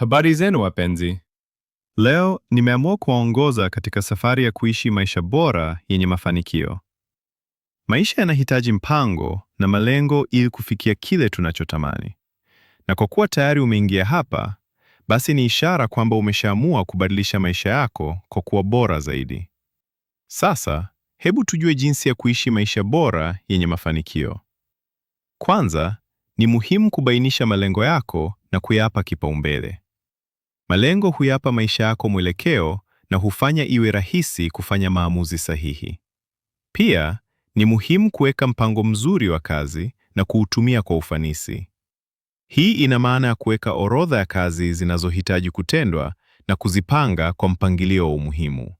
Habari zenu wapenzi. Leo nimeamua kuwaongoza katika safari ya kuishi maisha bora yenye mafanikio. Maisha yanahitaji mpango na malengo ili kufikia kile tunachotamani. Na kwa kuwa tayari umeingia hapa, basi ni ishara kwamba umeshaamua kubadilisha maisha yako kwa kuwa bora zaidi. Sasa, hebu tujue jinsi ya kuishi maisha bora yenye mafanikio. Kwanza, ni muhimu kubainisha malengo yako na kuyapa kipaumbele. Malengo huyapa maisha yako mwelekeo na hufanya iwe rahisi kufanya maamuzi sahihi. Pia ni muhimu kuweka mpango mzuri wa kazi na kuutumia kwa ufanisi. Hii ina maana ya kuweka orodha ya kazi zinazohitaji kutendwa na kuzipanga kwa mpangilio wa umuhimu.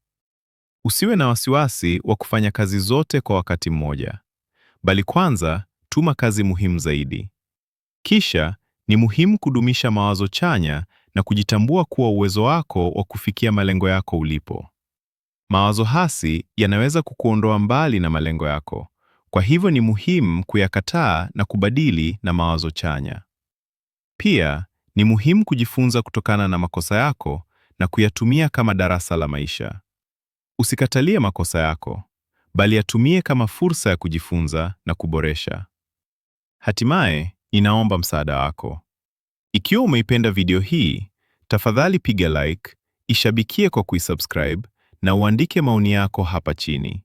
Usiwe na wasiwasi wa kufanya kazi zote kwa wakati mmoja, bali kwanza tuma kazi muhimu zaidi. Kisha ni muhimu kudumisha mawazo chanya na kujitambua kuwa uwezo wako wa kufikia malengo yako ulipo. Mawazo hasi yanaweza kukuondoa mbali na malengo yako, kwa hivyo ni muhimu kuyakataa na kubadili na mawazo chanya. Pia ni muhimu kujifunza kutokana na makosa yako na kuyatumia kama darasa la maisha. Usikatalie makosa yako, bali yatumie kama fursa ya kujifunza na kuboresha. Hatimaye, ninaomba msaada wako. Ikiwa umeipenda video hii, Tafadhali piga like, ishabikie kwa kuisubscribe na uandike maoni yako hapa chini.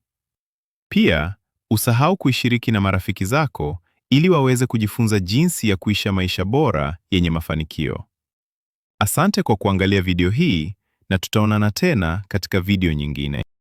Pia usahau kuishiriki na marafiki zako ili waweze kujifunza jinsi ya kuisha maisha bora yenye mafanikio. Asante kwa kuangalia video hii na tutaonana tena katika video nyingine.